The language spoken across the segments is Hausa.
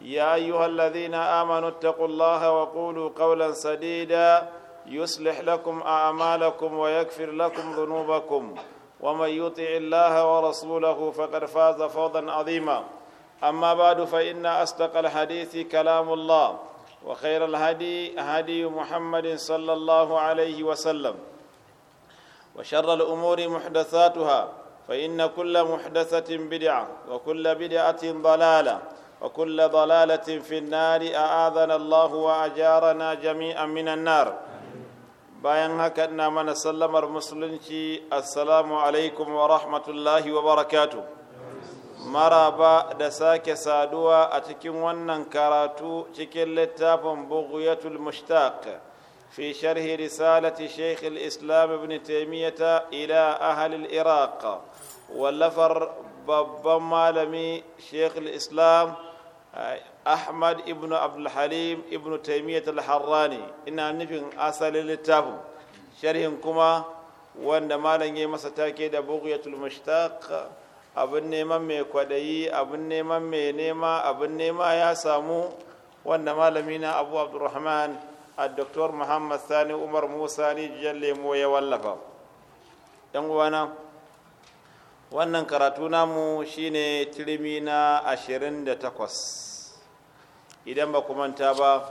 يا ايها الذين امنوا اتقوا الله وقولوا قولا سديدا يصلح لكم اعمالكم ويغفر لكم ذنوبكم ومن يطع الله ورسوله فقد فاز فوزا عظيما اما بعد فان اصدق الحديث كلام الله وخير الهدي هدي محمد صلى الله عليه وسلم وشر الامور محدثاتها فان كل محدثه بدعه وكل بدعه ضلاله a وكل ضلالة في النار أعاذنا الله وأجارنا جميعا من النار bayan haka na mana sallamar musulunci assalamu alaikum wa rahmatullahi wa barakatu maraba da sake saduwa a cikin wannan karatu cikin littafin bughyatul mushtaq fi sharhi risalati shaykh islam ibn taymiyata ila ahli al-iraq wallafar babban malami shaykh islam Uh, ahmad ibn abdulhalim ibn taimiyat al-harrani ina nufin asalin littafin sharhin kuma wanda malam ya masa take da bughyatul mushtaq abin neman mai kwadayi abin neman mai nema abin nema ya samu wanda malami na abu abdurrahman a doktor muhammad sani umar musa rijiyar lemo ya wallafa yan uwana wannan karatu namu shine tirmi na 28 idan ba manta ba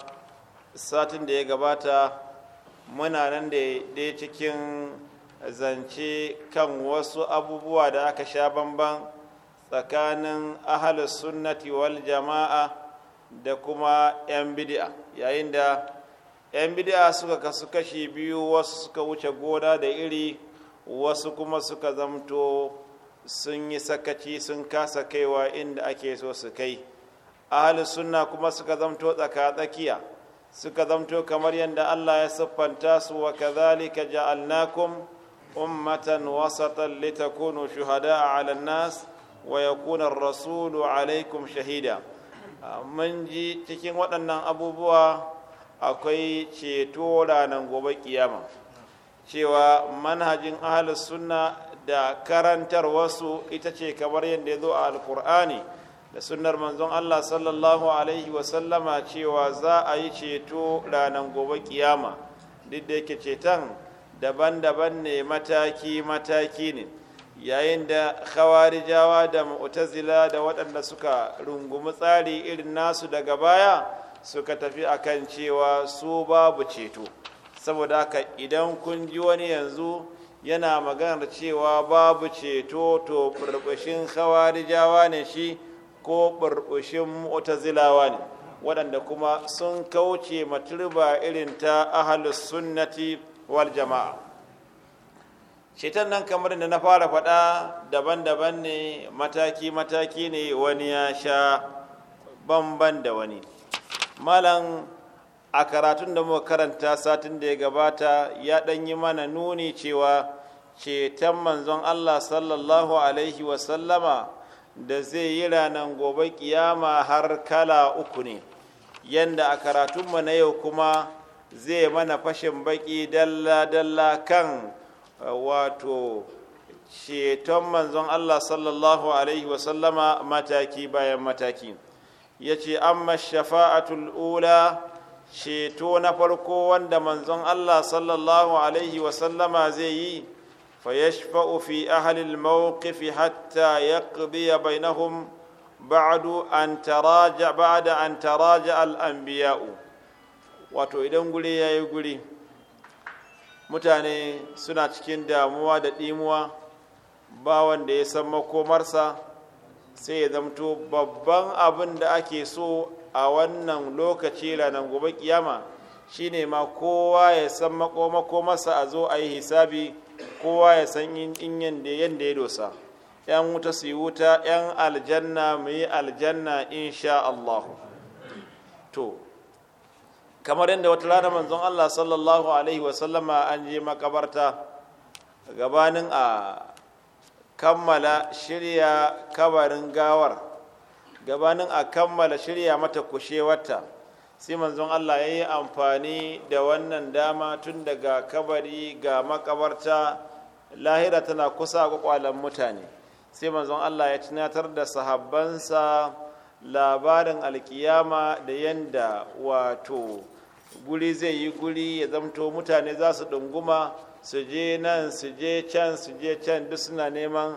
satin da ya gabata muna nan da cikin zance kan wasu abubuwa da aka sha bamban tsakanin ahalus sunnati wal jama'a da kuma 'yan bid'a yayin da 'yan bid'a suka kasu kashi biyu wasu suka wuce gona da iri wasu kuma suka zamto sun yi sakaci sun kasa kaiwa inda ake so su kai ahli sunna kuma suka zamto tsaka-tsakiya suka zamto kamar yadda Allah ya siffanta su wa kadhalika ja'alnakum ummatan wasatan litakunu shuhada'a 'ala nas wa yakuna ar-rasulu 'alaykum shahida ah, mun ji cikin waɗannan abubuwa akwai ceto ranar gobe kiyama cewa manhajin ahli sunna da karantar wasu ita ce kamar yadda ya zo a alkur'ani da sunnar manzon Allah sallallahu alaihi wasallama cewa za a yi ceto ranar gobe kiyama duk da yake ceton daban-daban ne mataki-mataki ne yayin da khawarijawa da mu'tazila da waɗanda suka rungumi tsari irin nasu daga baya suka tafi akan cewa su babu ceto saboda haka idan kun ji wani yanzu yana maganar cewa babu ceto to furbushin khawarijawa ne shi ko ɓurɓushin mu'tazilawa ne waɗanda kuma sun kauce maturba irin ta ahalus sunnati wal jama'a shaitan nan kamar da na fara faɗa daban-daban ne mataki-mataki ne wani ya sha bamban da wani malam a karatun da muka karanta satin da ya gabata ya ɗan yi mana nuni cewa ceton manzon allah sallallahu alaihi wasallama da zai yi ranar gobe kiyama har kala uku ne yadda a karatunmu na yau kuma zai mana fashin baki dalla-dalla kan eh, wato ceton manzon Allah sallallahu Alaihi wasallama mataki bayan mataki ya ce amma shafa'atul ula ceto na farko wanda manzon Allah sallallahu Alaihi wasallama zai yi فيشفع في أهل الموقف حتى يقضي بينهم بعد أن تراجع بعد أن تراجع الأنبياء wato idan guri ya yi guri mutane suna cikin damuwa da ɗimuwa ba wanda ya san makomarsa sai ya zamto babban abin da ake so a wannan lokaci ranar gobe kiyama shine ma kowa ya san makomarsa a zo a yi hisabi kowa ya san in ya dosa yan wuta su yi wuta yan aljanna mu yi aljanna insha Allah to kamar yadda wata rana manzon Allah sallallahu alaihi wasallama an je makabarta gabanin a kammala shirya kabarin gawar gabanin a kammala shirya mata kushewarta sai manzon Allah ya yi amfani da wannan dama tun daga kabari ga makabarta lahira tana kusa kwakwalen mutane sai manzon Allah ya tunatar da sahabbansa labarin alkiyama da yanda wato guri zai yi guri ya zamto mutane za su ɗunguma su je nan su je can su je can duk suna neman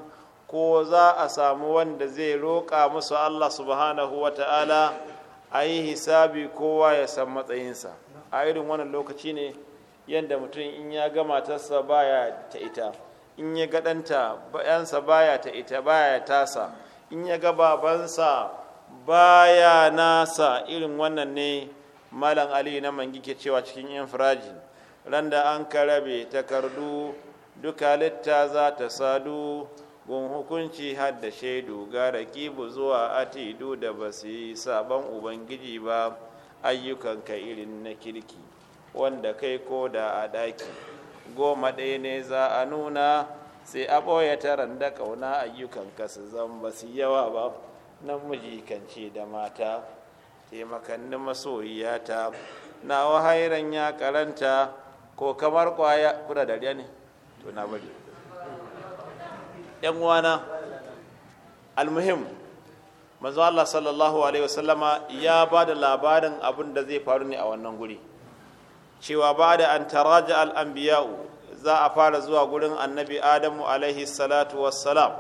ko za a samu wanda zai roƙa musu Allah subhanahu wa ta'ala ayi hisabi kowa ya san matsayinsa a irin wannan lokaci ne yadda mutum in ya ga matarsa baya ta ita in ya ga ɗanta bayansa baya ta ita baya tasa in ya ga babansa baya nasa irin wannan ne malam ali na mangi ke cewa cikin yan infirajin randa an karabe takardu duka litta za ta sadu gun hukunci har da shaidu ga rakibu zuwa atidu da ba su yi sabon ubangiji ba ayyukanka irin na kirki wanda kai ko da a ɗaki goma ɗaya ne za a nuna sai a ɓoye taron da ƙauna ayyukanka su zan ba su yawa ba namiji kan da mata taimakanni masoyiyata na wahairan ya karanta ko kamar kwaya kuna dariya ne to bari yan uwana almuhim manzo Allah sallallahu alaihi wasallama ya ba da labarin abin da zai faru ne a wannan guri cewa ba da an taraja al-anbiya'u za a fara zuwa gurin annabi adamu alaihi salatu wassalam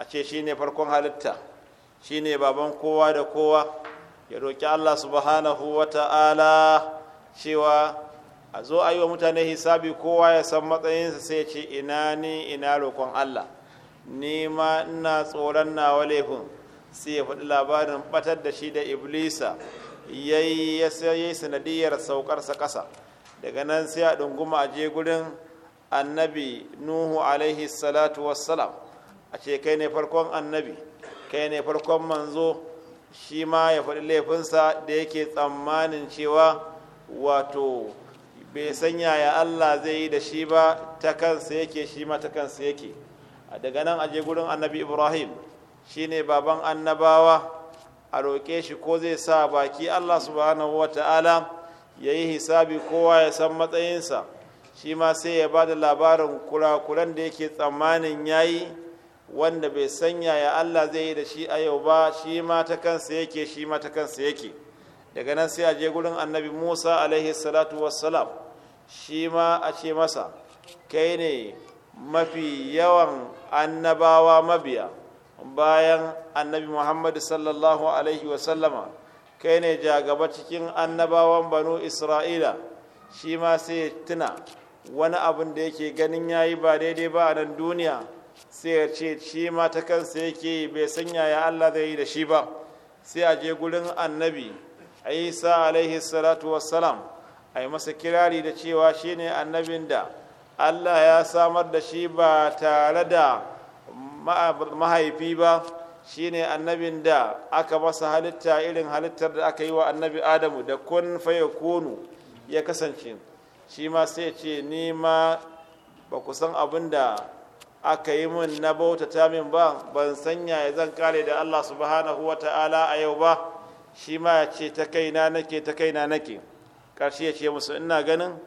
a ce shine farkon halitta shine baban kowa da kowa ya roƙi allah subhanahu wa ta'ala cewa a zo a yi wa mutane hisabi kowa ya san matsayinsa sai ce ina ni ina roƙon allah ni ma ina tsoron nawa laifin sai ya faɗi labarin ɓatar da shi da iblisa ya yi sanadiyar saukarsa ƙasa daga nan sai a ɗunguma a je gurin annabi nuhu alaihi salatu wassalam a ce kai ne farkon annabi kai ne farkon manzo shi ma ya faɗi laifinsa da yake tsammanin cewa wato bai sanya ya allah zai yi da shi ba ta kansa yake shi ma ta kansa yake daga nan aje gurin annabi ibrahim shine baban annabawa a roƙe shi ko zai sa baki allah subhanahu wa ta'ala ya yi hisabi kowa ya san matsayinsa shi ma sai ya ba da labarin kurakuran da yake tsammanin ya yi wanda bai sanya ya allah zai yi da shi a yau ba shi ma ta kansa yake shi ma ta kansa yake daga nan sai aje gurin annabi musa alaihi salatu wassalam shi ma a ce masa kai ne mafi yawan annabawa mabiya bayan annabi muhammadu sallallahu alaihi wasallama kai ne jagaba cikin annabawan banu isra'ila shi ma sai tuna wani abin da yake ganin ya yi ba daidai ba a nan duniya sai ya ce shi ma ta kansa yake yi bai sanya ya allah zai yi da shi ba sai a je gurin annabi isa alaihi salatu wassalam a yi masa kirari da cewa shi ne annabin da Allah ya samar da shi ba tare da mahaifi ba shine annabin da aka masa halitta irin halittar da aka yi wa annabi Adamu da kun faya kunu, ya kasance shi ma sai ce ni ma ba ku san abin da aka yi min na bautata min ba ban sanya ya zan kare da Allah subhanahu wa ta'ala a yau ba shi ma ya ce ta kaina nake ta kaina nake ƙarshe ya ce musu ina ganin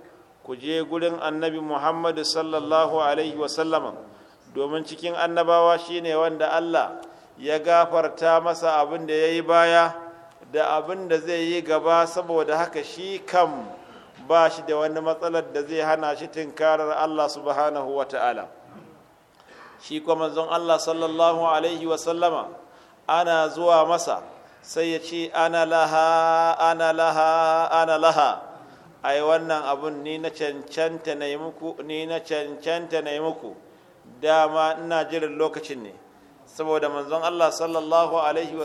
ku je gurin annabi muhammadu sallallahu alaihi wasallam domin cikin annabawa shine wanda allah ya gafarta masa abin da ya yi baya da abin da zai yi gaba saboda haka shi kam ba shi da wani matsalar da zai hana shi tinkarar allah subhanahu wa ta'ala shi kuma manzon allah sallallahu alaihi wasallama ana zuwa masa sai ya ce ana laha ana laha ana laha ai wannan abun ni na cancanta na yi muku ni na cancanta na yi muku dama ina jirin lokacin ne saboda manzon Allah sallallahu alaihi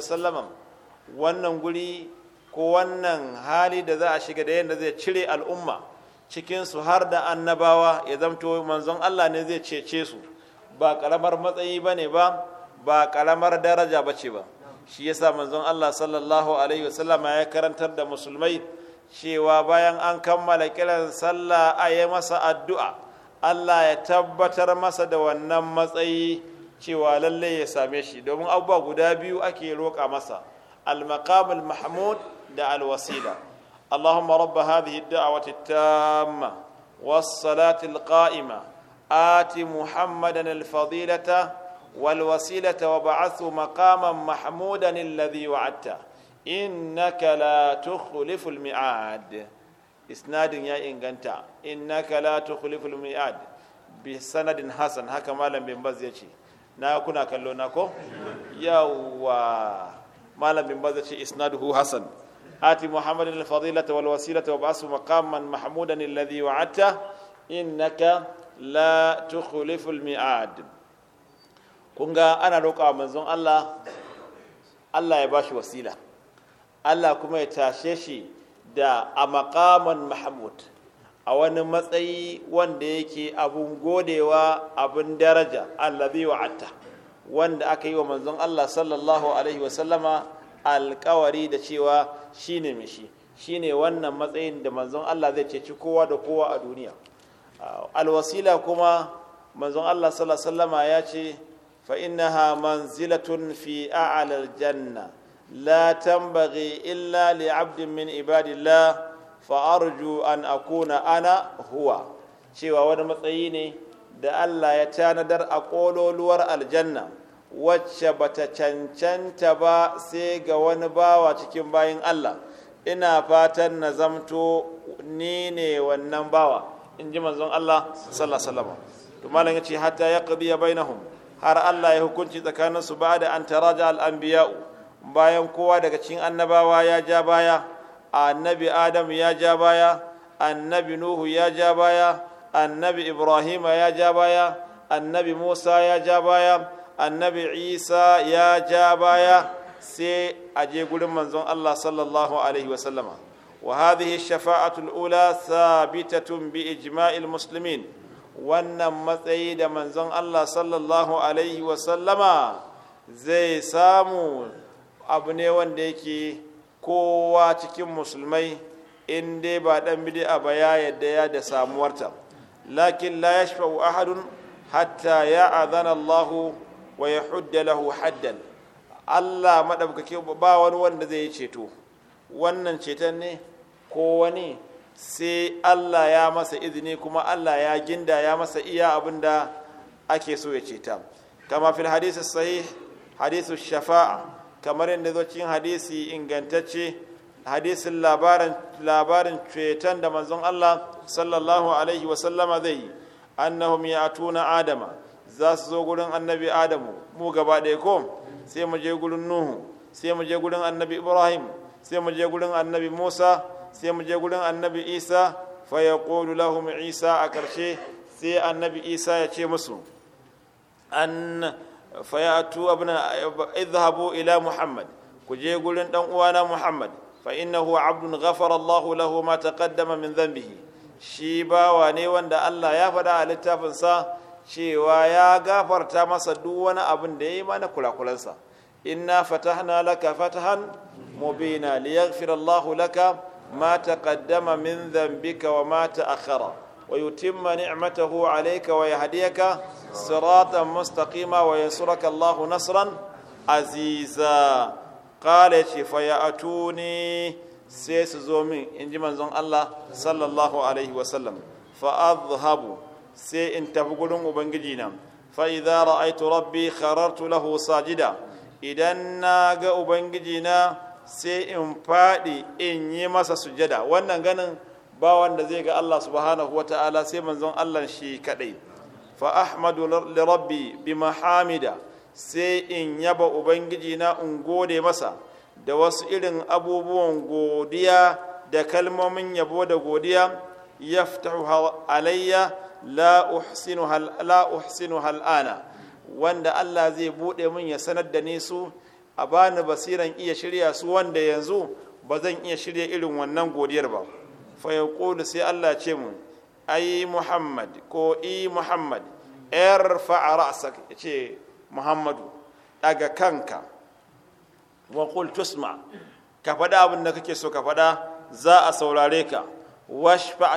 wannan guri ko wannan hali da za a shiga da yadda zai cire al'umma cikinsu har da annabawa ya zamto manzon Allah ne zai cece su ba karamar matsayi ba ne ba ba karamar daraja ba ce ba shi yasa manzon Allah sallallahu alaihi sallama ya karantar da musulmai cewa bayan an kammala kiran sallah a yi masa addu'a allah ya tabbatar masa da wannan matsayi cewa lalle ya same shi domin abubuwa guda biyu ake roƙa masa al-maqamul mahmud da al-wasila allahumma rabba hadhihi ad-da'wati at-tamma was-salati al-qa'ima ati muhammadan al-fadilata wal-wasilata wa ba'athu maqaman mahmudan alladhi wa'adta innaka la tukhliful mi'ad isnadin ya inganta innaka la tukhliful mi'ad bi sanadin hasan haka malam bin baz yace na kuna kallo na ko yawa malam bin baz yace isnaduhu hasan ati muhammadin al-fadilata wal wasilata wa ba'su maqaman mahmudan alladhi wa'ata innaka la tukhliful mi'ad kunga ana roƙa manzon Allah Allah ya bashi wasila Allah kuma ya tashe shi da a makaman mahmud a wani matsayi wanda yake abun godewa abun daraja wa atta wanda aka yi wa manzon Allah sallallahu alaihi wasallama alkawari da cewa shine mishi shine wannan matsayin da manzon Allah zai ceci kowa da kowa a duniya alwasila kuma manzon Allah sallallahu alaihi wasallama ya ce fa innaha manzilatun fi a'lal janna لا تنبغي إلا لعبد من عباد الله فأرجو أن أكون أنا هو شوى وانا da Allah ya tanadar a ƙololuwar aljanna wacce bata cancanta ba sai ga wani bawa cikin bayin Allah ina fatan na zamto ni ne wannan bawa in ji manzon Allah sallallahu alaihi wasallam yace hatta yaqdi bainahum har Allah ya hukunci tsakaninsu ba da an taraja al-anbiya'u bayan kowa daga cikin annabawa ya ja baya annabi adam ya ja baya annabi nuhu ya ja baya annabi ibrahima ya ja baya annabi musa ya ja baya annabi isa ya ja baya sai a je gurin manzon allah sallallahu alaihi wasallama wa hadhihi shafa'atul ula thabitatun bi ijma'il muslimin wannan matsayi da manzon allah sallallahu alaihi wasallama zai samu abu ne wanda yake kowa cikin musulmai in dai ba dan bidi ba ya yadda ya da samuwarta lakin la yashfa'u ahadun hatta ya azana Allah wa yahudda lahu haddan Allah madaukake ba wani wanda zai ceto wannan ceton ne ko wani sai Allah ya masa izini kuma Allah ya ginda ya masa iya abin da ake so ya ceta kama fil hadisi sahih hadisu shafa'a kamar yadda zo cikin hadisi ingantacce hadisin labarin labarin cetan da manzon Allah sallallahu alaihi wa sallama zai yi annahum ya'tuna adama za su zo gurin annabi adamu mu gaba ɗaya ko sai mu je gurin nuhu sai mu je gurin annabi ibrahim sai mu je gurin annabi musa sai mu je gurin annabi isa fa yaqulu lahum isa a karshe sai annabi isa ya ce musu an fayatu abna idhabu ila muhammad ku je gurin dan uwana muhammad fa innahu abdun ghafara allah lahu ma taqaddama min dhanbihi shi bawa ne wanda Allah ya faɗa a littafin sa cewa ya gafarta masa duk wani abin da yayi mana sa inna fatahna laka fatahan mubina liyaghfira allah laka min dhanbika wa ma ta'akhara wa yutimma ni'matahu alayka wa yahdiyaka صراطا مستقيما وينصرك الله نصرا عزيزا قال فيأتوني سيس زومي إن جمن زون الله صلى الله عليه وسلم فأذهب سي إن تفقلون وبنجينا فإذا رأيت ربي خررت له ساجدا إذا ناقا وبنجينا سي إن فادي إن يمس سجدا وانا ganin ba wanda zai ga Allah subhanahu wa ta'ala sai manzon Allah shi kadai fa ahmadu rabbi bi mahamida sai in yaba ubangiji na in gode masa da wasu irin abubuwan godiya da kalmomin yabo da godiya yaftahu alayya la uhsinu hal la uhsinu hal ana wanda Allah zai bude min ya sanar da ni su a bani basiran iya shirya su wanda yanzu ba zan iya shirya irin wannan godiyar ba fa yaqulu sai Allah ce mu ay muhammad ko i muhammad irfa ra'sak yace muhammadu daga kanka wa qul tusma ka faɗa abin da kake so ka faɗa za a saurare ka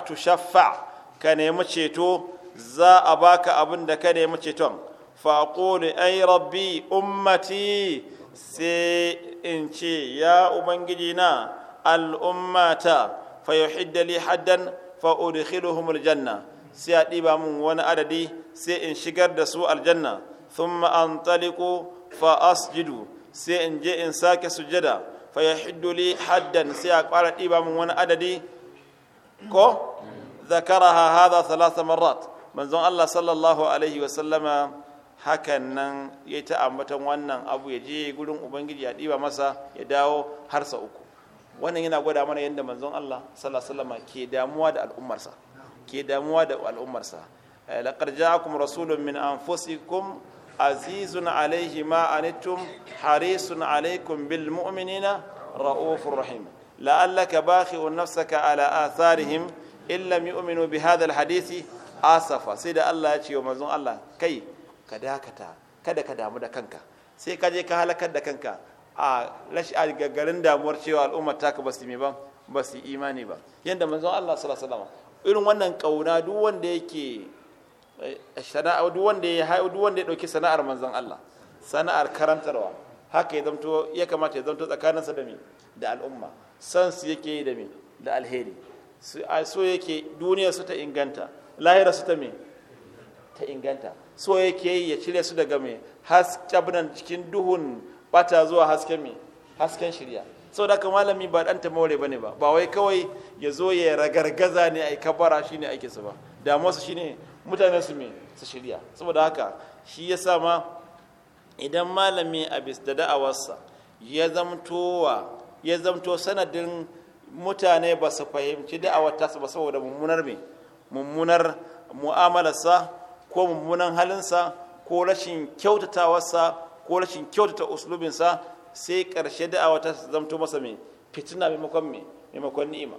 tu shaffa ka nemi ceto za a baka abin da ka nemi ceton faƙoli ay rabbi ummati sai in ce ya ubangiji na al'ummata yuhidda li haddan fa udkhiluhum aljanna sai a ɗiba wani adadi sai in shigar da su aljanna thumma antaliqu fa'as asjudu sai in je in sake sujada fa ya li haddan sai a ƙara ɗiba wani adadi ko a hada thalatha marrat manzon Allah sallallahu alaihi wa sallama hakan nan ya ta ambatan wannan abu ya je gurin ubangiji ya ɗiba masa ya dawo har sa uku wannan yana gwada mana yadda manzon Allah sallallahu alaihi wasallam ke damuwa da al'ummarsa ke damuwa da al'ummarsa eh, laqad ja'akum rasulun min anfusikum azizun alaihi ma anittum harisun alaikum bil mu'minina raufur rahim la'allaka bakhi'un nafsaka ala atharihim in lam yu'minu bi hadha al hadisi asafa sai da Allah ya ce wa manzon Allah kai ka dakata kada ka damu da kanka sai ka je ka halakar da kanka a garin damuwar cewa al'umma taka ba su ba ba su imani ba yadda manzon Allah sallallahu alaihi irin wannan kauna duk wanda yake eh, sana'a duk wanda ya duk wanda ya dauki sana'ar manzon Allah sana'ar karantarwa haka ya zamto ya kamata ya zamto tsakaninsa da me da al'umma san su yake yi da me da alheri so yake duniya su ta inganta lahira su ta me ta inganta so yake yi ya cire su daga me has cikin duhun bata zuwa hasken mi hasken shirya saboda ka malami ba maure ba ne ba ba wai kawai ya zo ya ragargaza ne a kabara ne ake su ba damuwa su shine mutane su su shirya saboda haka shi sa ma idan malami a bis da da'awarsa ya zamtowa ya zamto sanadin mutane ba su fahimci da'awar tasa ba saboda mummunar me mummunar mu'amalarsa ko mummunan halinsa ko rashin kyautatawarsa ko rashin kyautata uslubinsa sai ƙarshe da'awa ta zamto masa mai fitina maimakon mai maimakon ni'ima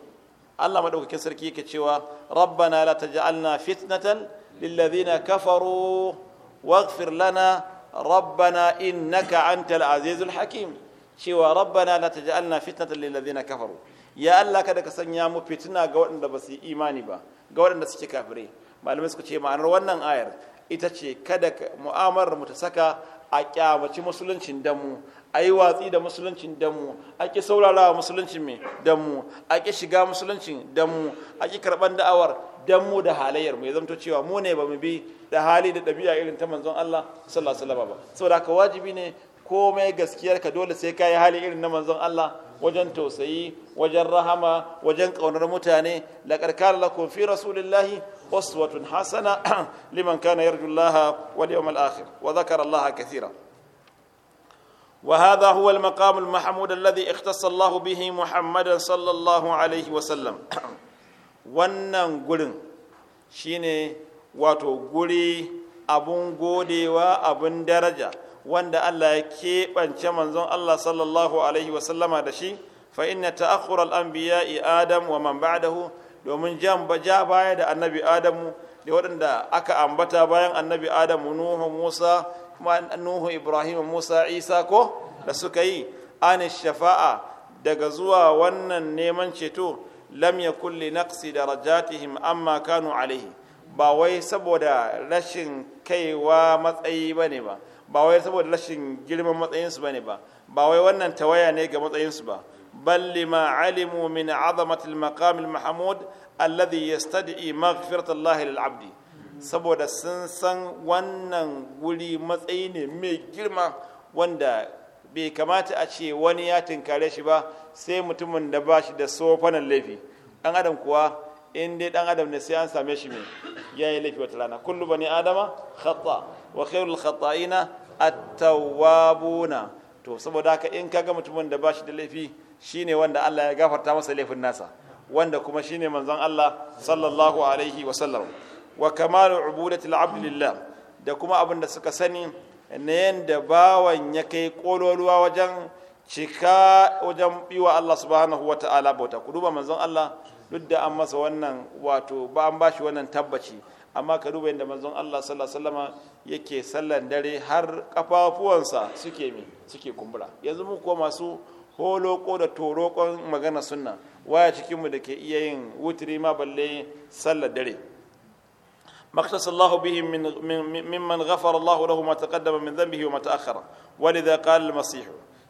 Allah madaukakin sarki yake cewa rabbana la taj'alna fitnatan lilladhina kafaru waghfir lana rabbana innaka antal azizul hakim cewa rabbana la taj'alna fitnatan lilladhina kafaru ya Allah kada ka sanya mu fitina ga waɗanda ba su yi imani ba ga waɗanda suke kafire. malamai suka ce ma'anar wannan ayar ita ce kada mu'amalar mu ta saka a kyamaci musuluncin damu. a yi watsi da musuluncin damu. a ƙi saurara musuluncin mai damu. a ƙi shiga musuluncin damu. a ƙi karɓar da'awar damu da halayyar mai zamto cewa mu ne ba mu bi da hali da ɗabi'a irin ta manzon Allah sallallahu alaihi wasallam ba saboda haka wajibi ne komai gaskiyar dole sai ka yi hali irin na manzon Allah wajen tausayi wajen rahama wajen ƙaunar mutane la karkar lakum fi rasulillahi أسوة حسنة لمن كان يرجو الله واليوم الآخر وذكر الله كثيرا وهذا هو المقام المحمود الذي اختص الله به محمدا صلى الله عليه وسلم wannan gurin shine wato guri abun godewa abun daraja wanda Allah ya keɓance manzon Allah sallallahu alaihi wasallama da shi fa inna ta'akhkhur al-anbiya'i adam wa man ba'dahu domin jan ja baya da annabi adamu da waɗanda aka ambata bayan annabi adamu nuhu musa kuma nuhu ibrahim musa isa ko da suka yi anis shafa'a daga zuwa wannan neman ceto lam ya kulli naqsi darajatihim amma kanu alaihi ba wai saboda rashin kaiwa matsayi bane ba ba wai saboda rashin girman matsayinsu bane ba ba wai wannan tawaya ne ga matsayinsu ba بل لما علموا من عظمة المقام المحمود الذي يستدعي مغفرة الله للعبد saboda sun wannan wuri matsayi ne mai girma wanda bai kamata a ce wani ya tinkare shi ba sai mutumin da ba shi da sofanan laifi dan adam kuwa in dai dan adam ne sai an same shi mai yayi laifi wata rana kullu bani adama khata wa khairul khata'ina at-tawwabuna to saboda haka in kaga mutumin da ba shi da laifi Shi ne wanda Allah ya gafarta masa laifin nasa wanda kuma shi ne manzon Allah sallallahu alaihi wa wa kamalu ubudati al da kuma abin da suka sani na yadda bawan ya kai kololuwa wajen cika wajen biwa Allah subhanahu wa ta'ala bauta ku duba manzon Allah duk da an masa wannan wato ba an bashi wannan tabbaci amma ka duba yadda manzon Allah sallallahu alaihi yake sallan dare har kafafuwansa suke mi suke kumbura yanzu mu kuwa masu holoko da torokon magana sunna waya cikinmu da ke iya yin wutiri ma balle sallar dare مختص الله به من ممن غفر الله له ما تقدم من ذنبه وما تأخر ولذا قال المسيح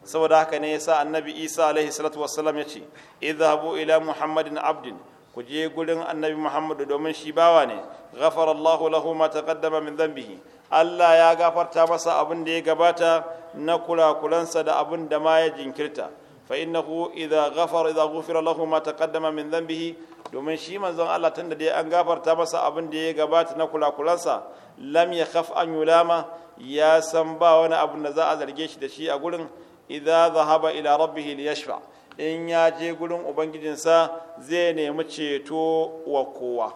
سوى ذاك نيسا النبي إيسى عليه الصلاة والسلام يتي اذهبوا إلى محمد عبد كجي يقول النبي محمد دومن شباواني غفر الله له ما تقدم من ذنبه Allah ya gafarta masa abin da ya gabata na kulakulansa da abin da ma ya jinkirta fa innahu idza ghafara idza ghufira lahu ma taqaddama min dhanbihi domin shi manzon Allah tunda dai an gafarta masa abin da ya gabata na kulakulansa lam yakhaf an yulama ya san ba wani abu da za a zarge shi da shi a gurin idza zahaba ila rabbih liyashfa in ya je gurin ubangijinsa zai nemi ceto wa kowa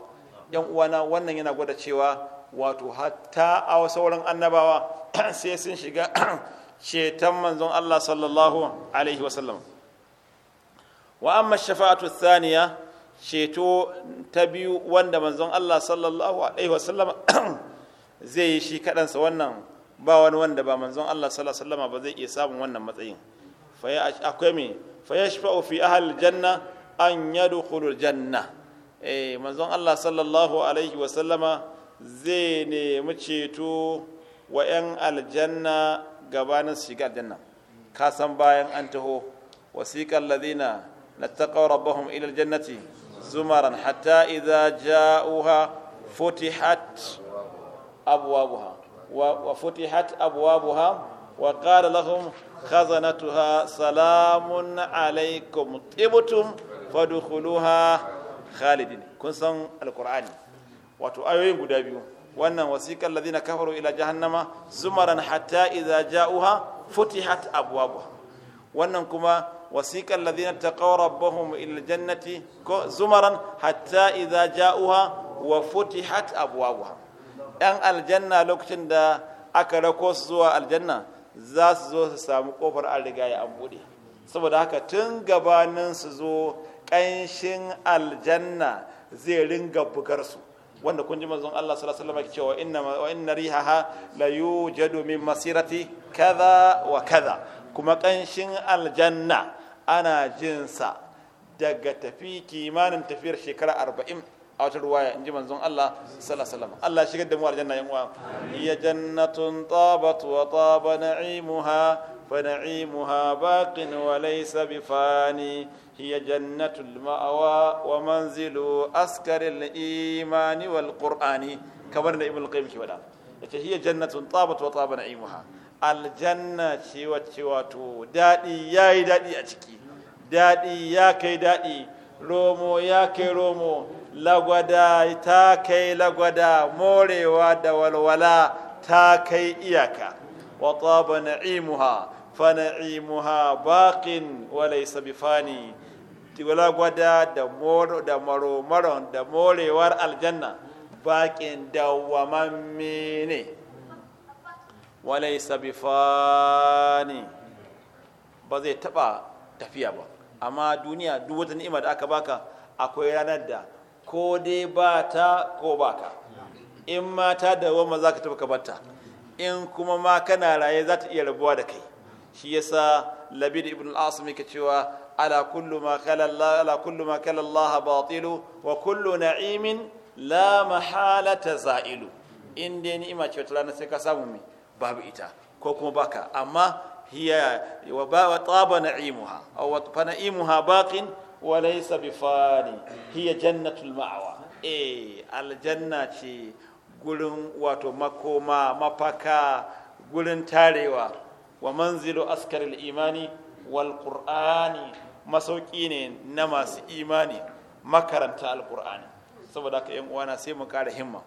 yan uwana wannan yana gwada cewa wato hatta a sauran annabawa sai sun shiga ceton manzon Allah sallallahu alaihi wasallam wa amma shafa'atu thaniya ceto ta biyu wanda manzon Allah sallallahu alaihi wasallam zai yi shi kadansa wannan ba wani wanda ba manzon Allah sallallahu alaihi wasallam ba zai iya samun wannan matsayin fa akwai me fa yashfa'u fi ahli janna an yadkhulul janna eh manzon Allah sallallahu alaihi wasallama zai nemi ceto wa 'yan aljanna gabanin su shiga aljanna kasan bayan an taho wasiƙar ladina na ta rabbahum ilal jannati zumaran hatta idza ja'uha futihat abwabuha wa futihat abwabuha wa qala lahum khazanatuha salamun alaikum tibtum fadkhuluha khalidin kun san alkur'ani. wato ayoyin guda biyu wannan wasiqal ladina kafaru ila jahannama zumaran hatta idza ja'uha futihat abwabuha wannan kuma wasiƙar ladina taqaw rabbahum ila jannati zumaran hatta idza ja'uha wa futihat abwabuha yan aljanna lokacin da aka rako su zuwa aljanna za su zo su samu kofar an riga ya an bude saboda haka tun gabanin su zo ƙanshin aljanna zai ringa bugar su wanda kun ji manzon Allah sallallahu alaihi wasallam cewa inna wa inna rihaha la yujadu min masirati kaza wa kaza kuma kanshin aljanna ana jin sa daga tafi kimanin tafiyar shekara 40 a wata ruwaya in ji manzon Allah sallallahu alaihi wasallam Allah shigar da mu aljanna yan uwa ya jannatun tabat wa taba na'imuha fa na'imuha baqin wa laysa bifani هي جنة المأوى ومنزل أسكر الإيمان والقرآن كما ابن القيم كبدا هي جنة طابت وطاب نعيمها الجنة شوات شواتو دادي ياي دادي أشكي دادي ياكي دادي رومو ياكي رومو لغدا تاكي لغدا موري ودا والولا تاكي إياكي وطاب نعيمها فنعيمها باق وليس بفاني ولا غدا دمور دمرو مرون دموري ور الجنة باق دوامامي وليس بفاني بزي تبا تفيا با أما دنيا دوت نعمة أكا باكا akwai ranar da ko dai ba ta ko ba ka in ma ta dawoma za in kuma ma kana raye za ta iya rabuwa da kai shi yasa labid ibn al-asim yake cewa ala kullu ma kala Allah ala kullu ma kala Allah batilu wa kullu na'imin la mahalata za'ilu in dai ni'ima ce wata rana sai ka samu babu ita ko kuma baka amma hiya wa ba wa taba na'imuha aw fa na'imuha baqin wa laysa bifani hiya jannatul ma'wa eh aljanna ce gurin wato makoma mafaka gurin tarewa wa manzilu askaril imani wal qur'ani masauki ne na masu imani makaranta Al-Qur'ani. saboda haka yan uwana sai mu kara himma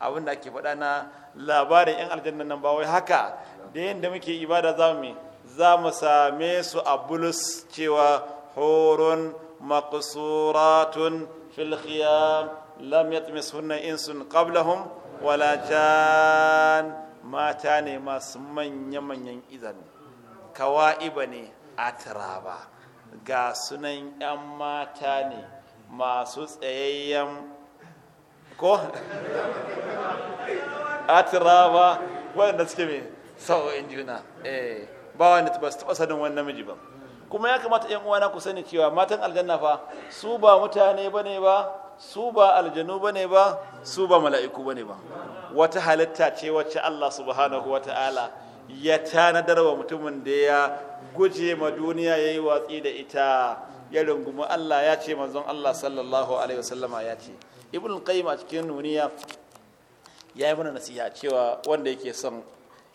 abin da ake faɗa na labarin yan aljanna nan ba wai haka da yadda muke ibada za mu za mu same su a bulus cewa horon maqsuratun fil khiyam lam yatmisunna insun qablahum wala mata ne masu manya-manyan idanu kawa'iba ne a turaba ga sunan 'yan mata ne masu tsayayyen ko? a turaba suke mai sau'in juna eh, ba wani ba su taba sanin wani namiji ba kuma ya kamata 'yan uwana ku sani cewa matan aljanna fa su ba mutane ba ne ba su ba aljanu ne ba su ba mala'iku ne ba wata halitta ce wacce Allah subhanahu wata'ala ya tanadar wa mutumin da ya guje ma duniya ya yi watsi da ita ya rungumi Allah ya ce manzon Allah sallallahu alaihi wasallama ya ce ibn qayyim a cikin duniya. ya yi mana nasiha cewa wanda yake son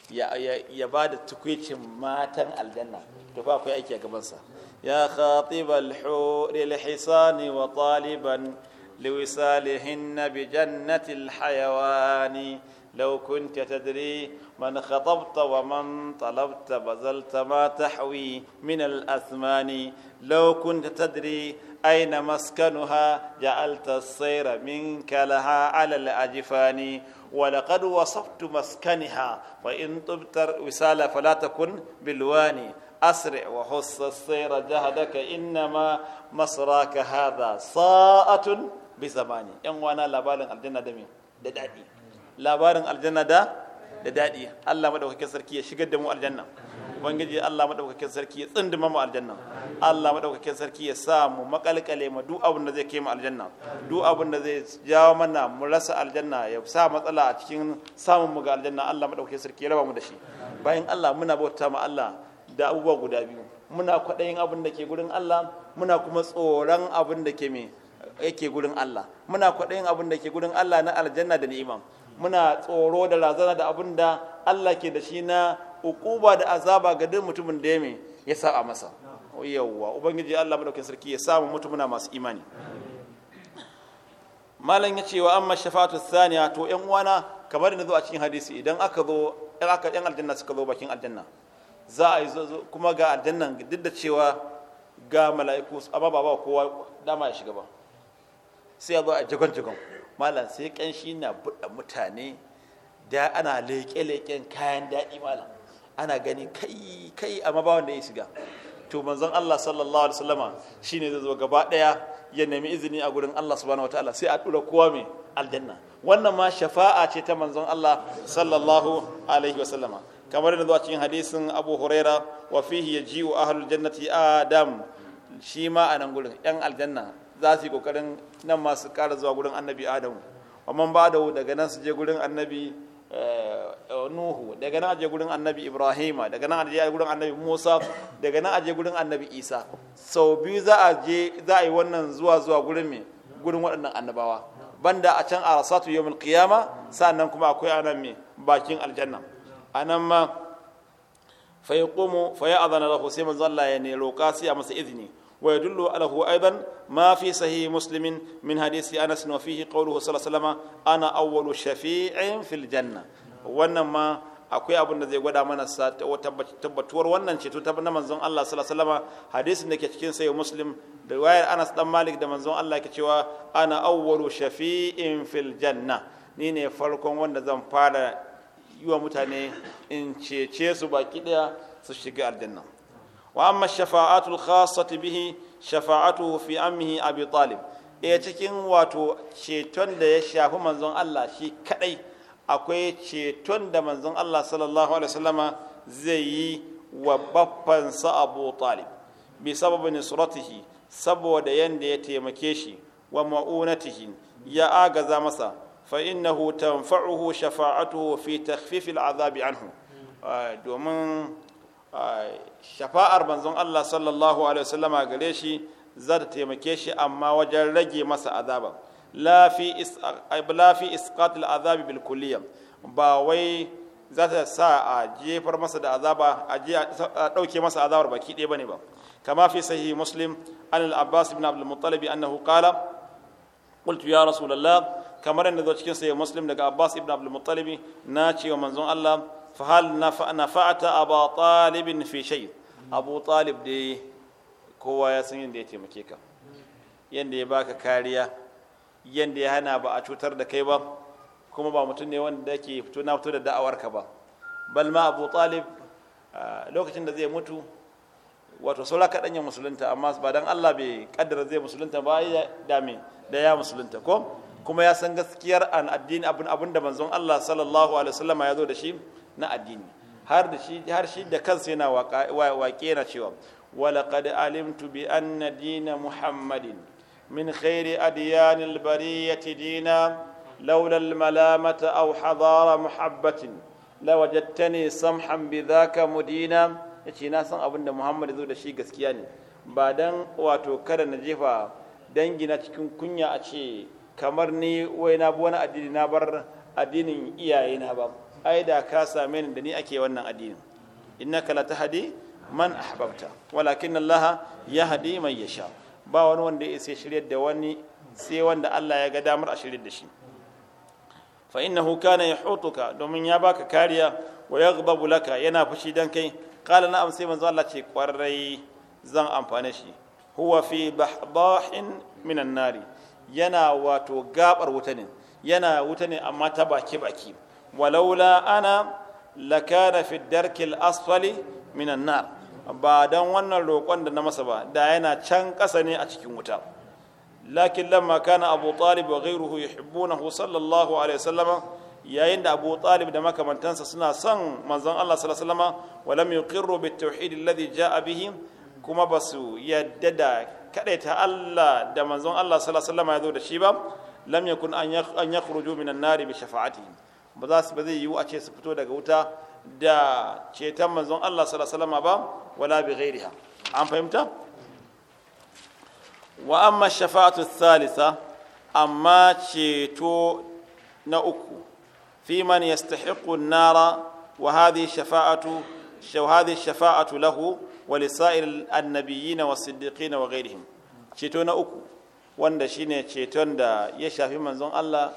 ya ba da tukwicin matan aljanna to ba akwai aiki a gabansa ya khatibal huril hisani wa taliban لوصالهن بجنة الحيوان لو كنت تدري من خطبت ومن طلبت بذلت ما تحوي من الأثمان لو كنت تدري أين مسكنها جعلت السير منك لها على الأجفان ولقد وصفت مسكنها وإن طبت وسالة فلا تكن بالواني أسرع وحص السير جهدك إنما مسراك هذا صاءة bi zamani yan wana labarin aljanna da me da dadi labarin aljanna da da dadi Allah madaukakin sarki ya shigar da mu aljanna ubangiji Allah madaukakin sarki ya tsinduma mu aljanna Allah madaukakin sarki ya sa mu makalkale mu duk abin da zai kai mu aljanna duk abin da zai jawo mana mu rasa aljanna ya sa matsala a cikin samun mu ga aljanna Allah madaukakin sarki ya raba mu da shi bayan Allah muna bauta ma Allah da abubuwa guda biyu muna kwaɗayin abin da ke gurin Allah muna kuma tsoron abin da ke mai yake gurin Allah muna kwaɗayin abin da ke gurin Allah na aljanna da ni'ima muna tsoro da razana da abin da Allah ke da shi na ukuba da azaba ga duk mutumin da ya sa ya saba masa yawwa ubangiji Allah madaukakin sarki ya samu mutumuna masu imani malam ya ce wa amma shafatu thaniya to yan uwana kamar da zo a cikin hadisi idan aka zo in aka yan aljanna suka zo bakin aljanna za a yi kuma ga aljannan duk da cewa ga mala'iku amma ba ba kowa dama ya shiga ba sai ya zo a jagon-jagon malam sai kanshi na buɗe mutane da ana leƙe-leƙen kayan daɗi malam ana gani kai kai a mabawan da ya shiga to manzon Allah sallallahu alaihi wasallama shine zai zo gaba daya ya nemi izini a gurin Allah subhanahu wataala sai a dura kowa mai aljanna wannan ma shafa'a ce ta manzon Allah sallallahu alaihi wasallama kamar da zuwa cikin hadisin Abu Huraira wa fihi yaji'u ahlul jannati Adam shi ma a nan gurin yan aljanna za su yi kokarin nan masu kara zuwa gurin annabi adamu amma ba da daga nan su je gurin annabi eh, eh, nuhu daga nan aje gurin annabi ibrahima daga nan aje gurin annabi musa daga nan aje gurin annabi isa sau biyu za a je za a yi wannan zuwa zuwa gurin me gurin waɗannan annabawa banda a can arasatu yawmul qiyama sannan kuma akwai anan me bakin aljanna anan ma fa yaqumu fa azana da sai manzo Allah ya ne roƙa sai a masa izini ويدل له أيضا ما في صحيح مسلم من حديث أنس وفيه قوله صلى الله عليه وسلم أنا أول شفيع في الجنة وإنما akwai abin da zai gwada mana tabbatuwar wannan ceto ta na manzon Allah sallallahu alaihi wasallam hadisin da ke cikin sai muslim da wayar Anas dan Malik da manzon Allah ke cewa ana awwalu shafi'in fil janna ni ne farkon wanda zan fara yi wa mutane in cece su baki daya su shiga aljanna وأما الشفاعات الخاصة به شفاعته في أمه أبي طالب ɗaya cikin wato ceton da ya shafi manzon Allah shi kadai akwai ceton da manzon Allah sallallahu alaihi wasallama zai yi wa sa Abu Talib bi sababin nusratihi saboda yanda ya taimake shi wa ma'unatihi ya agaza masa fa innahu tanfa'uhu shafa'atuhu fi takhfifil azabi anhu domin shafa'ar manzon Allah sallallahu alaihi wasallama gare shi za ta taimake shi amma wajen rage masa azaba lafi iskatul azabi al bil kulliya ba wai za ta sa a jefar masa da azaba a ɗauke masa azabar baki ɗaya ne ba kama fi sahih muslim an al-abbas ibn abdul muttalib annahu qala qultu ya rasulullah kamar yadda zo cikin sahihi muslim daga abbas ibn abdul muttalib na ce wa manzon Allah fahal nafa'ata aba talibin fi shay abu talib dai kowa ya san yadda ya taimake ka yadda ya baka kariya yadda ya hana ba a cutar da kai ba kuma ba mutum ne wanda ke fito na fito da da'awarka ba bal ma abu talib lokacin da zai mutu wato saura kaɗan ya musulunta amma ba dan Allah bai kaddara zai musulunta ba ya dame da ya musulunta ko kuma ya san gaskiyar an addini abin abin da manzon Allah sallallahu alaihi wasallam ya zo da shi na addini har da shi har shi da kansa yana waƙe na cewa walaqad alimtu bi anna dina muhammadin min khairi adyanil bariyati dina laula al malamata aw hadara muhabbatin la wajadtani samhan bidhaka mudina yace na san abinda muhammad zai da shi gaskiya ne ba dan wato kada na jefa dangi na cikin kunya a ce kamar ni wai na bi wani addini na bar addinin iyayena ba ai da ka same ni da ni ake wannan addinin innaka la tahdi man ahbabta walakin Allah yahdi man yasha ba wani wanda ya sai shiryar da wani sai wanda Allah ya ga damar a shiryar da shi fa innahu kana yahutuka domin ya baka kariya wa yaghbabu laka yana fushi dan kai qala na'am sai manzo Allah ce kwarai zan amfane shi huwa fi bahbahin minan nari yana wato gabar wuta ne yana wuta ne amma ta baki baki walaula ana lakana fi darkil asfali minan ba dan wannan roƙon da na masa ba da yana can ƙasa ne a cikin wuta lakin lamma kana abu talib wa ghayruhu yuhibbunahu sallallahu alaihi wasallam yayin da abu talib da makamantansa suna son manzon Allah sallallahu alaihi wasallam wa lam yuqirru bit tauhid alladhi jaa bihi kuma basu yadda da kadaita Allah da manzon Allah sallallahu alaihi wasallam ya zo da shi ba lam yakun an yakhruju minan nar bi shafa'atihi ba za su ba zai yiwu a ce su fito daga wuta da ceton manzon Allah sallallahu ba wala bi ghairiha an fahimta wa amma shafa'atu thalitha amma ceto na uku fi man yastahiqu an-nara wa hadhihi shafa'atu وهذه الشفاعة له wa النبيين wa وغيرهم ceto na uku wanda shine ceton da ya shafi manzon Allah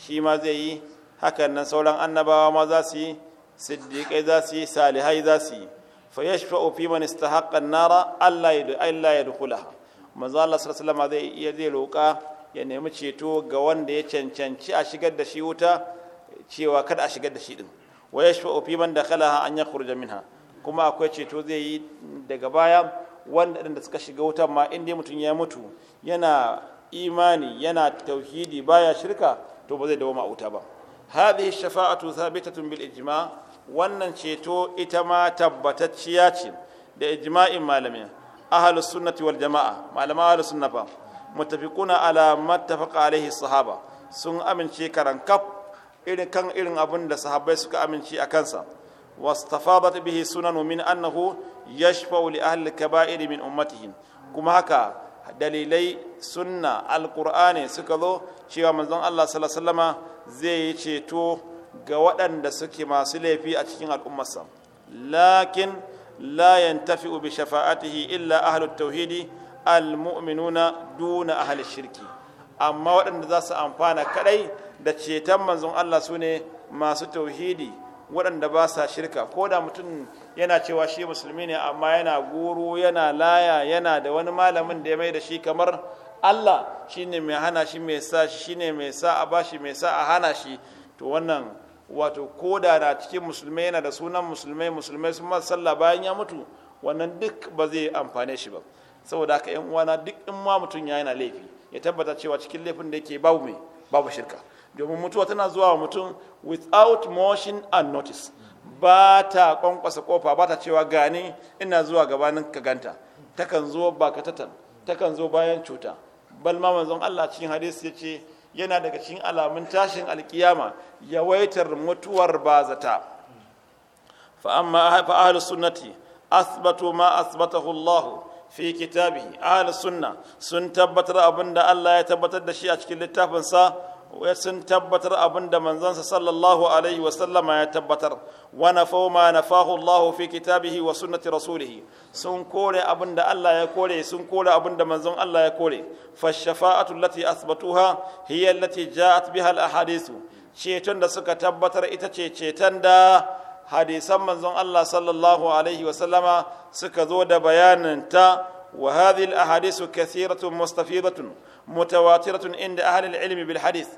shi ma zai yi haka nan sauran annabawa ma za su yi siddiƙai za su yi salihai za su yi fa yashfa'u fi man istahaqqa an-nara alla yadkhulaha manzo Allah sallallahu alaihi zai iya zai roƙa ya nemi ceto ga wanda ya cancanci a shigar da shi wuta cewa kada a shigar da shi din wa yashfa'u fi man dakhalaha an yakhruja minha kuma akwai ceto zai yi daga baya wanda da suka shiga wuta ma inda mutum ya mutu yana imani yana tauhidi baya shirka to ba zai dawo ma wuta ba هذه الشفاعة ثابتة بالإجماع wannan ceto ita ma tabbatacciya ce da ijma'in malami ahlus sunnati wal jama'a malama ahlus sunna fa muttafiquna ala mattafaqa alaihi sahaba sun amince karan kaf irin kan irin abin da sahabbai suka amince a kansa wastafadat bihi sunanu min annahu yashfa'u li ahli kaba'ir min ummatihim kuma haka dalilai sunna alqur'ani suka zo cewa manzon Allah sallallahu alaihi wasallama zai yi ceto ga waɗanda suke masu laifi a cikin al'ummarsa lakin layan tafi bi shafa'atihi illa ahlut tauhidi almu'minuna duna ahli shirki amma waɗanda za su amfana kadai da ceton manzon Allah su ne masu tauhidi waɗanda ba sa shirka ko da mutum yana cewa shi musulmi ne amma yana guru yana laya yana da wani malamin da ya mai da shi kamar Allah shi ne mai hana shi mai sa shi ne, mai sa a bashi mai sa a hana shi to wannan wato koda na cikin musulmai yana da sunan musulmai musulmai sun masa sallah bayan ya mutu wannan duk ba zai amfane shi ba saboda haka yan uwana duk in ma mutum ya yana laifi ya tabbata cewa cikin laifin da yake babu mai babu shirka domin mutuwa tana zuwa wa mutum without motion and notice ba ta kwankwasa kofa ba ta cewa gani ina zuwa gabanin ka ganta takan zo ba takan zo bayan cuta bal ma manzon Allah cikin hadisi ya ce yana daga cikin alamun tashin alkiyama yawaitar mutuwar bazata fa amma ah, fa ahlus sunnati asbatu ma asbatahu Allah fi kitabihi ahlus sunna sun tabbatar abinda Allah ya tabbatar da shi a cikin littafinsa sun tabbatar abin da manzansa sallallahu alaihi wasallama ya tabbatar wa nafau ma nafahu Allahu fi kitabihi wa sunnati rasulih sun kore abin da Allah ya kore sun kore abin da manzon Allah ya kore fa shafa'atu allati athbatuha hiya allati ja'at biha al ahadith ceton da suka tabbatar ita ce ceton da hadisan manzon Allah sallallahu alaihi wasallama suka zo da bayanin ta وهذه الأحاديث كثيرة مستفيضة متواترة عند أهل العلم بالحديث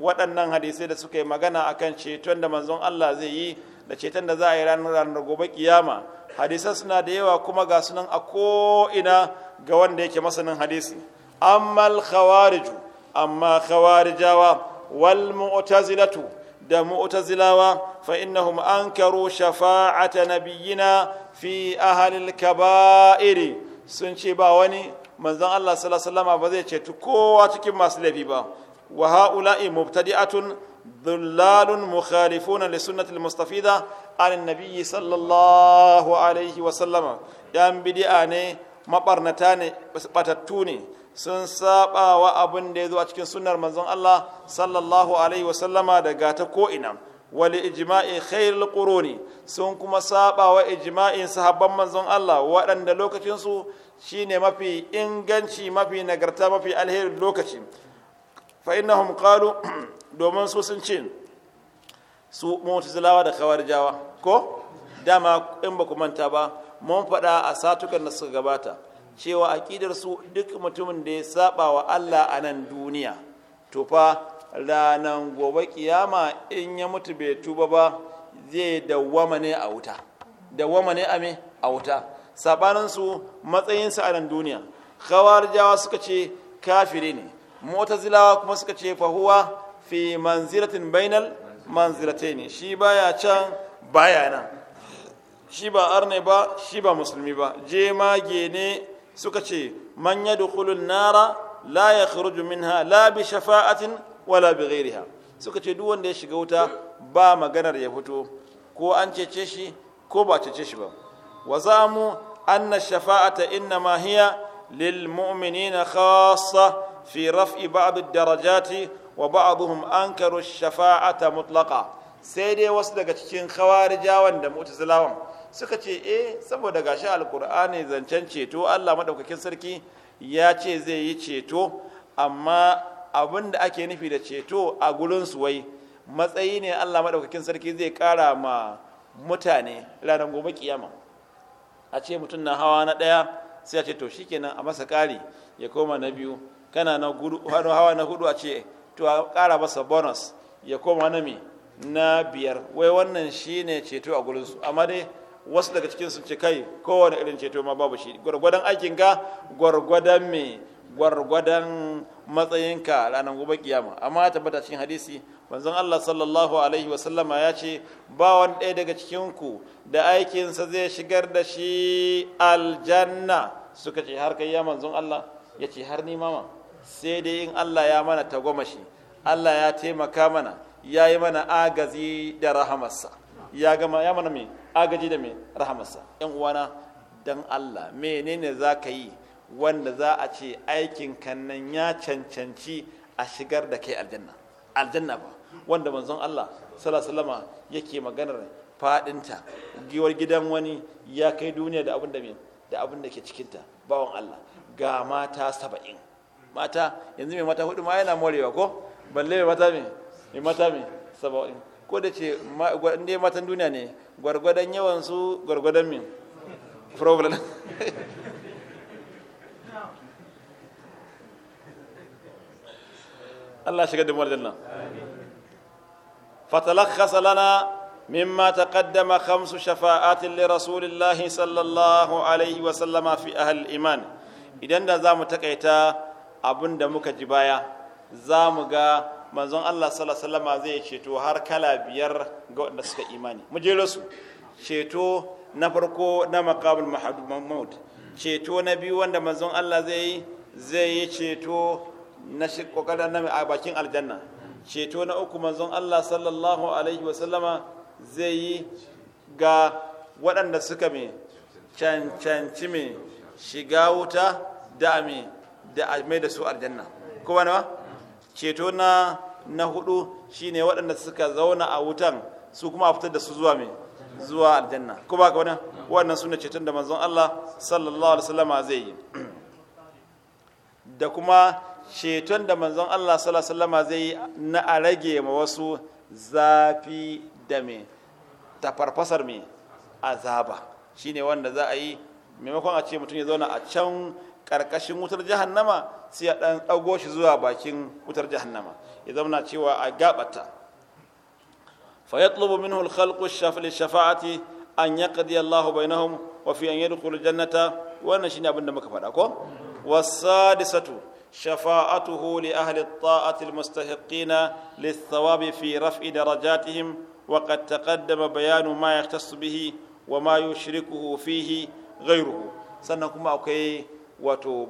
waɗannan hadisai da suka yi magana a kan ceton da manzon Allah zai yi da ceton da za a yi ranar ranar gobe kiyama hadisai suna da yawa kuma ga sunan a ko'ina ga wanda yake masanin hadisi ammal khawariju amma khawarijawa wal mu'tazilatu da mu'tazilawa fa innahum ankaru shafa'ata nabiyyina fi ahlil kaba'iri sun ce ba wani manzon Allah sallallahu alaihi wasallam ba zai ceto kowa cikin masu laifi ba wa ha'ula'i mubtadi'atun dhullalun mukhalifuna li sunnati al-mustafida an nabiyyi sallallahu alaihi wa sallama yan bidi'a ne mabarnata ne batattu ne sun saba wa abin da ya zo a cikin sunnar manzon Allah sallallahu alaihi wasallama daga ta ko'ina wali ijma'i khairul quruni sun kuma saba wa ijma'in sahabban manzon Allah waɗanda lokacinsu shine mafi inganci mafi nagarta mafi alherin lokaci fa innahum domin su sun ce su mu'tazilawa da kawar Jawa, ko dama in ba ku manta ba mun faɗa a satukan da suka gabata cewa aƙidar su duk mutumin da ya saba wa Allah a nan duniya Tufa, fa gobe kiyama in ya mutu bai tuba ba zai dawwama ne a wuta dawwama ne a me a wuta sabanin matsayinsu a nan duniya Jawa suka ce kafiri ne mu'tazilawa kuma suka ce fa fi manzilatin bainal ne shi baya can baya nan shi ba arne ba shi ba musulmi ba je mage ne suka ce man yadkhulun nara la yakhruju minha la bi shafa'atin wala bi ghayriha suka ce duk wanda ya shiga wuta ba maganar ya fito ko an cece shi ko ba cece shi ba wa zamu anna shafa'ata innama hiya lil mu'minina khassa في رفع بعض الدرجات وبعضهم أنكروا الشفاعة مطلقة سيدي وصدق تشين خوارجا وندم متزلاوم suka ce eh saboda gashi alkur'ani zancen ceto Allah madaukakin sarki ya ce zai yi ceto amma abin da ake nufi da ceto a gurin su wai matsayi ne Allah maɗaukakin sarki zai kara ma mutane ranar gobe kiyama a ce mutum na hawa na ɗaya sai a ce to shikenan a masa ƙari ya koma na biyu kana na hawa na hudu a ce to a kara masa bonus ya koma na na biyar wai wannan shi ne ceto a gurinsu amma dai wasu daga cikin sun ce kai kowane irin ceto ma babu shi gwargwadon aikinka gwargwadon me gwargwadon matsayinka ranar gobe kiyama amma ya tabbata cikin hadisi manzon Allah sallallahu alaihi wa sallama ya ce ba wani ɗaya daga cikin ku da aikinsa zai shigar da shi aljanna suka ce har kai ya manzon Allah ya ce har ni mama sai dai in Allah ya mana tagomashi Allah ya taimaka mana ya yi mana agaji da rahamarsa ya gama ya mana mai agaji da mai rahamarsa yan uwana dan Allah menene za ka yi wanda za a ce aikin kannan ya cancanci a shigar da kai aljanna aljanna ba wanda manzon Allah salasalama yake maganar fadinta giwar gidan wani ya kai duniya da abin da da abin ke cikinta bawan Allah ga mata saba'in mata yanzu mai mata hudu ma yana morewa ko balle mai mata me mai mata me saba'in ko da ce inda matan duniya ne gwargwadon yawan su gwargwadon min problem Allah shiga da muwar nan fatalakhasa lana مما تقدم خمس شفاعات لرسول الله صلى الله عليه وسلم في أهل الإيمان إذن abin da muka ji baya za mu ga manzon Allah sallallahu zai ceto har kala biyar ga waɗanda suka imani mu je su ceto na farko na maqamul mahmud ceto na biyu wanda manzon Allah zai yi zai yi ceto na kokarin na a bakin aljanna ceto na uku manzon Allah sallallahu alaihi wasallama zai yi ga waɗanda suka me cancanci me shiga wuta da me da a mai da su aljanna wani ba ceto na na hudu shine waɗanda suka zauna a wutan su kuma a fitar da su zuwa mai zuwa aljanna ko ba ka wani wannan suna ceton da manzon Allah sallallahu alaihi wasallam zai yi da kuma ceton da manzon Allah sallallahu alaihi wasallam zai yi na a rage ma wasu zafi da me farfasar me azaba shine wanda za a yi maimakon a ce mutum ya zauna a can karkashin wutar jahannama sai ya dan dago shi zuwa bakin wutar jahannama ya zauna cewa a gabata fa yatlubu minhu al-khalqu shafa'ati an yaqdi Allahu bainahum wa fi an yadkhulu jannata wannan shine abin da muka faɗa ko wasadisatu shafa'atuhu li ahli at-ta'ati al-mustahiqina lith-thawabi fi raf'i darajatihim وقد تقدم بيان ما يختص wa وما يشركه فيه غيره sannan kuma akwai wato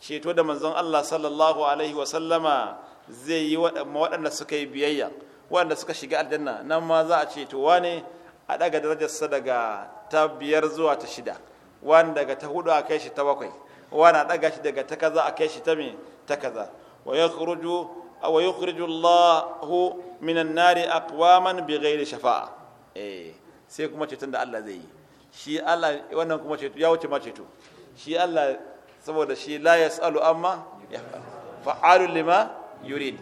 ceto da manzon Allah sallallahu alaihi wa sallama zai yi waɗanda suka yi biyayya waɗanda suka shiga aljanna nan ma za a ceto wane a daga darajarsa daga ta biyar zuwa ta shida wani daga ta hudu a kai shi ta bakwai wani a daga shi daga ta kaza a kai shi ta me ta kaza wa yakhruju wa yukhriju Allahu minan nari aqwaman bighairi shafa'a eh sai kuma ceton da Allah zai yi shi Allah wannan kuma ceto ya wuce ma ceto shi Allah saboda shi la ya tsalu amma ya fa’alu lima yurid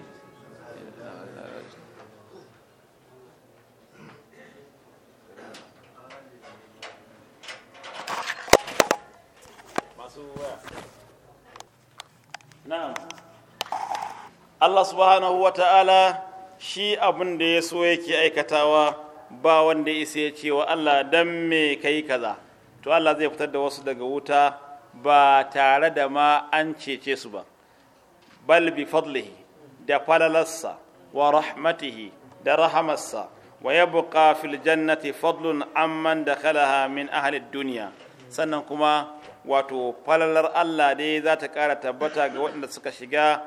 na'am Allah subhanahu wa ta'ala shi abin da ya so yake aikatawa ba wanda isa ya ce wa Allah dan me kai kaza to Allah zai fitar da wasu daga wuta ba tare da ma an cece su ba bal bi fadlihi da falalarsa wa rahmatihi da rahamarsa wa yabqa fil jannati fadlun amman dakhalaha min ahli dunya sannan kuma wato falalar Allah dai za ta ƙara tabbata ga waɗanda suka shiga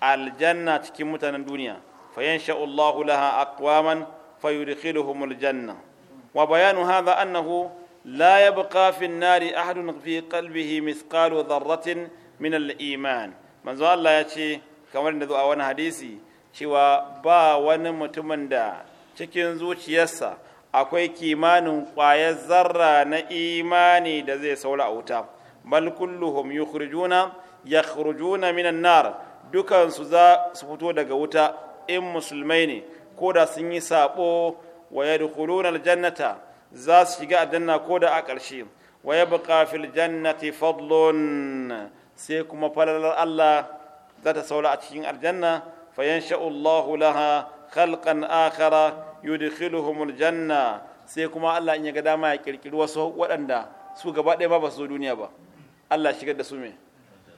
aljanna cikin mutanen duniya fayansha Allahu laha aqwaman fayudkhiluhumul aljanna wa bayanu hadha annahu لا يبقى في النار أحد في قلبه مثقال ذرة من الإيمان من ya الله kamar كما a wani حديثي cewa ba wani mutumin da cikin zuciyarsa akwai kimanin ƙwayar zarra na imani da zai saura a wuta bal kulluhum yukhrijuna yakhrujuna minan nar dukan su za su fito daga wuta in musulmai ne ko da sun yi sabo wa yadkhuluna aljannata za su shiga aljanna ko da a ƙarshe wa yabqa fil jannati fadlun sai kuma falalar Allah za ta saura a cikin aljanna fa yansha'u Allahu laha khalqan akhara yudkhiluhumul janna sai kuma Allah in ya ga dama ya kirkiri wasu waɗanda su gaba ɗaya ma ba su zo duniya ba Allah shigar da su me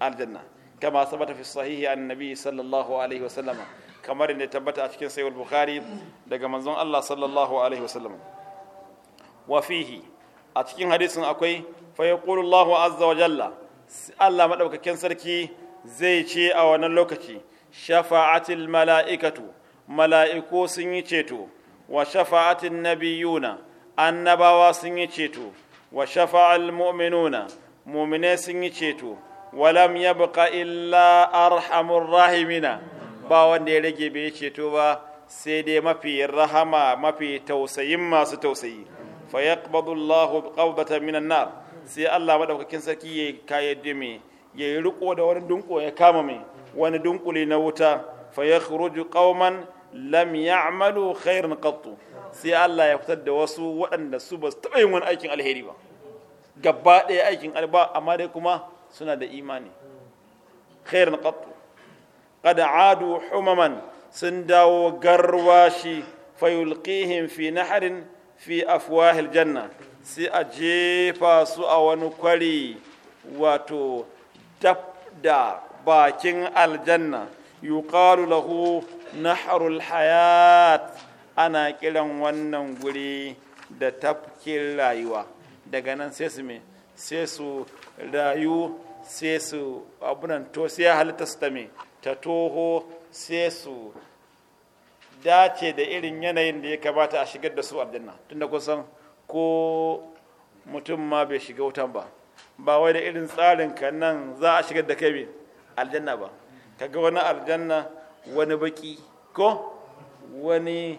aljanna kama sabata fi sahihi annabi sallallahu alaihi wa sallama kamar da tabbata a cikin sayyid bukhari daga manzon Allah sallallahu alaihi wa sallam. wa fihi a cikin hadisin akwai fa yaqulu Allahu azza wa jalla Allah madaukakin sarki zai ce a wannan lokaci shafa'atil mala'ikatu mala'iku sun yi ceto wa shafa'atin nabiyuna annabawa sun yi ceto wa shafa'al mu'minuna mu'mine sun yi ceto lam yabqa illa arhamur rahimina ba wanda ya rage bai ceto ba sai dai mafi rahama mafi tausayin masu tausayi fa yaqbadu Allah qawbatan min nar sai Allah madaukakin sarki ya kayyade me ya yi riko da wani dunko ya kama me wani dunkule na wuta fa yakhruju qauman lam ya'malu khairan qattu sai Allah ya fitar da wasu waɗanda su ba su taɓa yin wani aikin alheri ba gaba ɗaya aikin alba amma dai kuma suna da imani khairan qattu qad adu humaman sun dawo garwashi fayulqihim fi nahrin fi afuwahil janna sai a jefa su a wani kwari wato dab da bakin aljanna yuqalu lahu naharul hayat ana kiran wannan guri da tafkin rayuwa daga nan sai su me sai su rayu sai su abunan to sai halitta su ta ta toho sai su dace da irin yanayin da ya kamata a shigar da su aljanna tunda kusan ko mutum ma bai shiga wutan ba ba wai da irin tsarin ka nan za a shigar da kai aljanna ba ka ga wani aljanna wani baki ko wani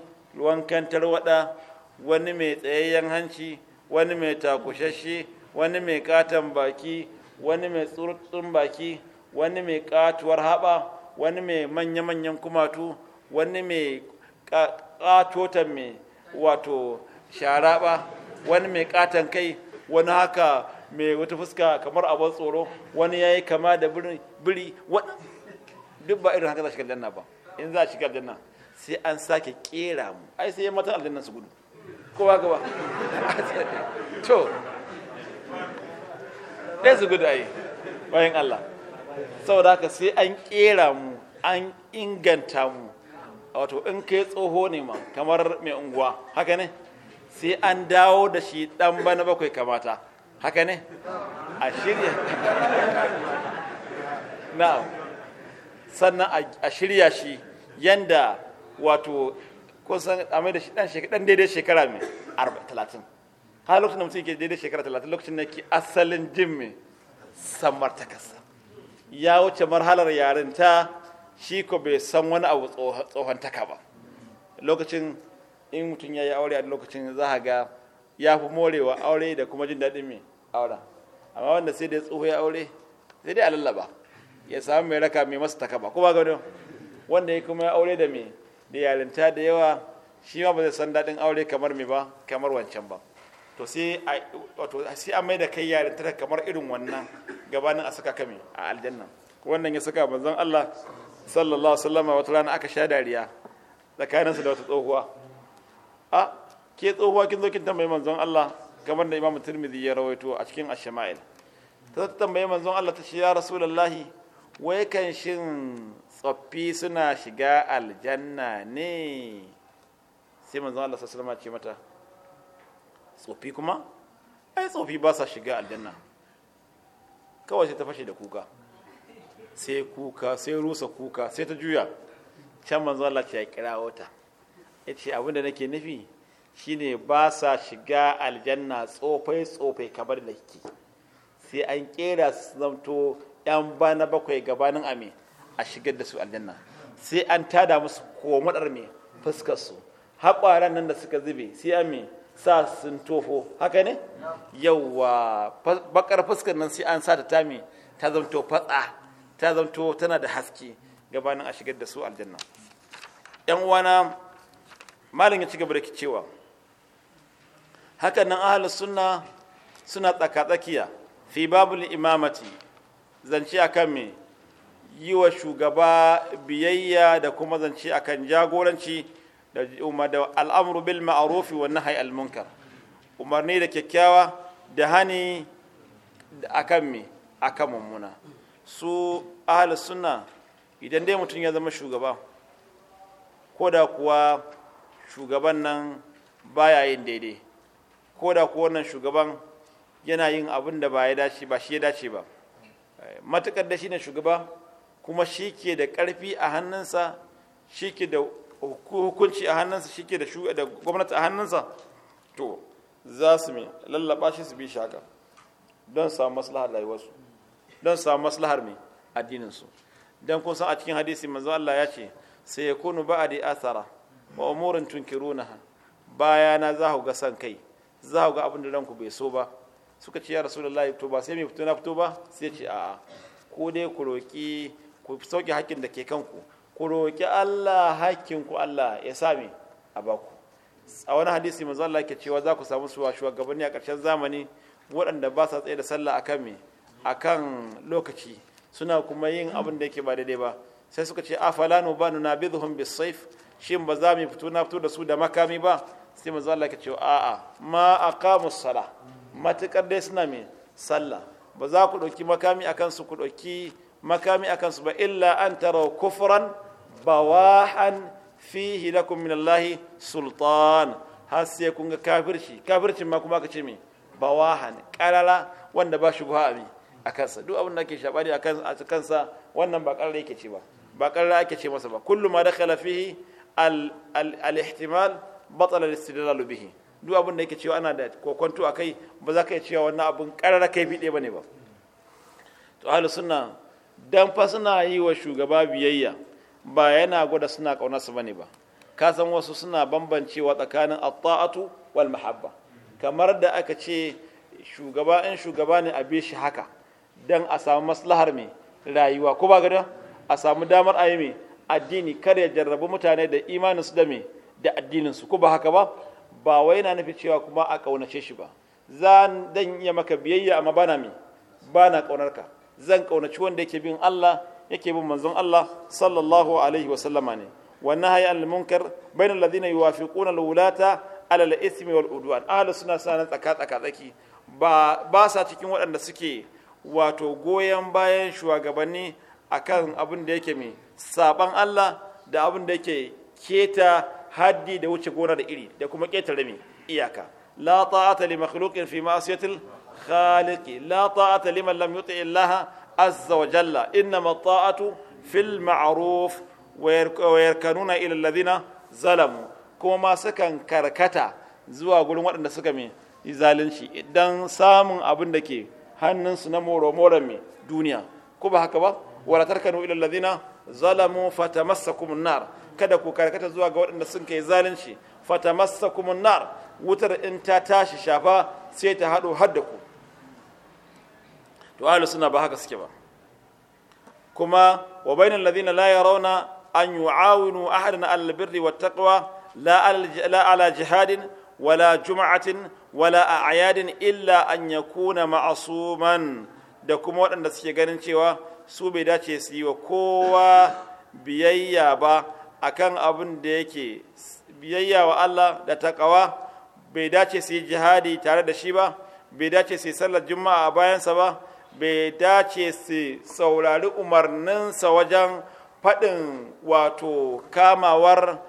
kantar wada wani mai tsayayyen hanci wani mai takushashe wani mai katon baki wani mai tsurutsun baki wani mai katuwar haɓa wani mai manya-manyan kumatu wani mai katotan mai wato sharaba wani mai katon kai wani haka mai wata fuska kamar abin tsoro wani ya yi kama da biri duk ba irin haka za shiga aljanna ba in za a shiga aljanna sai an sake kera mu ai sai matan aljanna su gudu kowa gaba to ɗaya su gudu ai bayan Allah saboda haka sai an kera mu an inganta mu wato in kai tsoho ne ma kamar mai unguwa haka ne sai an dawo da shi dan bana bakwai kamata haka ne a shirya na sannan a shirya shi yanda wato kusan a mai da shi dan shekara daidai shekara mai talatin har lokacin da mutum ke daidai shekara talatin lokacin da ke asalin jin mai samar ta kasa ya wuce marhalar yarinta shi ko bai san wani abu tsohon taka ba lokacin in mutum ya yi aure a lokacin za a ga ya fi morewa aure da kuma jin daɗin mai auren amma wanda sai dai tsoho ya aure sai dai a lallaba ya samu mai raka mai masa taka ba kuma gano wanda ya kuma aure da mai da yalinta da yawa shi ma ba zai san daɗin aure kamar mai ba kamar wancan ba to sai a mai da kai yarinta kamar irin wannan gabanin a saka kame a aljanna wannan ya saka manzon Allah sallallahu alaihi wata rana aka sha dariya tsakaninsa da wata tsohuwa a ke tsohuwa kin zo kin tambayi manzon Allah kamar da Imam Tirmidhi ya rawaito a cikin Ash-Shama'il ta tambayi manzon Allah ta ce ya Rasulullahi wai kan shin tsoffi suna shiga aljanna ne sai manzon Allah sallallahu alaihi wasallam ce mata tsoffi kuma ai tsoffi ba sa shiga aljanna kawai sai ta fashe da kuka sai kuka sai rusa kuka sai ta juya can manzo Allah ya kira wata yace abin da nake nufi shine ba sa shiga aljanna tsofai tsofai kamar da kike sai an kera su zamto yan bana bakwai gabanin ame a shigar da su aljanna sai an tada musu komadar me fuskar su haƙwaran nan da suka zube sai an me sa sun tofo haka ne yawwa bakar fuskar nan sai an sa ta tame ta zamto fatsa ta zanto tana da haske gabanin a shigar da su aljanna yan uwana malam ya ci gaba da cewa hakanan ahlus sunna suna tsakatsakiya fi babul imamati zance akan me yi wa shugaba biyayya da kuma zance akan jagoranci da al'amru bil ma'arufi wa nahyi al munkar umarni da kyakkyawa da hani akan me akan mummuna su ahal sunna idan dai mutum ya zama shugaba ko da kuwa shugaban nan baya yin daidai ko da kuwa wannan shugaban yana yin abin da ba ya ba shi ya dace ba matukar da shi ne shugaba kuma shi ke da ƙarfi a hannunsa shi ke da hukunci a hannunsa shi ke da gwamnati a hannunsa to za su mai lallaba shi su bi shaka don samu maslaha rayuwarsu don samu maslahar mai addinin su dan kun san a cikin hadisi manzo Allah ya ce sai kunu yakunu da asara wa umurin tunkirunaha bayana za ku ga san kai za ku ga abin da ranku bai so ba suka ce ya rasulullahi fito ba sai mai fito na fito ba sai ce a'a ko dai ku roki ku sauke hakkin da ke kanku ku roki Allah hakkin ku Allah ya sa me a baku a wani hadisi manzo Allah ke cewa za ku samu shugabanni a ƙarshen zamani waɗanda ba sa tsaye da sallah akan me akan lokaci suna kuma yin abin da yake ba daidai ba sai suka ce afala nu banu nabidhum bisaif shin ba za mu fito na fito da su da makami ba sai manzo Allah ya ce a'a ma aqamus sala matukar dai suna mai sallah ba za ku ɗauki makami akan su ku ɗauki makami akan su ba illa an tara kufran bawahan fihi lakum min Allah sultan har sai kun ga kafirci kafircin ma kuma ka ce me bawahan karara wanda ba shubha a a kansa duk abin da ake shabani a kansa wannan ba ƙarar yake ce ba ba ƙarar ake ce masa ba kullum ma dakhala fihi al-ihtimal batal al-istidlal bihi duk abin da yake cewa ana da kokonto kai ba za ka iya cewa wannan abin ƙarar kai bide ne ba to ahlus suna dan fa suna yi wa shugaba biyayya ba yana gwada suna kaunarsa su ba ka san wasu suna bambancewa tsakanin at wal mahabba kamar da aka ce shugaba in shugaba ne a bi shi haka don a samu maslahar mai rayuwa ko ba gada a samu damar a yi mai addini kada ya jarrabu mutane da imaninsu da mai da addininsu ko ba haka ba ba wai na nufi cewa kuma a ƙaunace shi ba zan dan iya maka biyayya amma bana mai. bana ƙaunar ka zan ƙaunaci wanda yake bin Allah yake bin manzon Allah sallallahu alaihi wa sallama ne Wannan hayi al munkar bain alladhina yuwafiquna al wulata ala al ithmi wal udwan ahlus sunna sana tsaka tsaka tsaki ba ba sa cikin waɗanda suke wato goyon bayan shugabanni kan abin da yake mai saban Allah da abin da yake keta haddi da wuce gona da iri da kuma keta mai iyaka la ta'ata li makhluqin fi ma'siyatil khaliqi la ta'ata liman lam yuti Allah azza wa jalla innama ta'atu fil ma'ruf wa yarkanuna ila alladhina zalamu kuma ma sukan karkata zuwa gurin waɗanda suka mai zalunci idan samun abin da ke hannunsu na moro-moron mi duniya ko ba haka ba wala tarkanu ila ladina zalamu fatamassakum nar kada ku karkata zuwa ga waɗanda sun kai zalunci fatamassakum nar wutar in ta tashi shafa sai ta haɗo har da ku to ahlus sunna ba haka suke ba kuma wa bainal ladhina la yarawna an yu'awinu ahadan al birri wat taqwa la ala jihadin wala jum'atin wala a ayadin illa an ya kuna ma'asuman da kuma waɗanda suke ganin cewa su bai dace su yi wa kowa biyayya ba akan abin da yake biyayya wa Allah da taƙawa bai dace su yi jihadi tare da shi ba bai dace su yi sallar juma'a a bayansa ba bai dace su saurari umarninsa wajen faɗin wato kamawar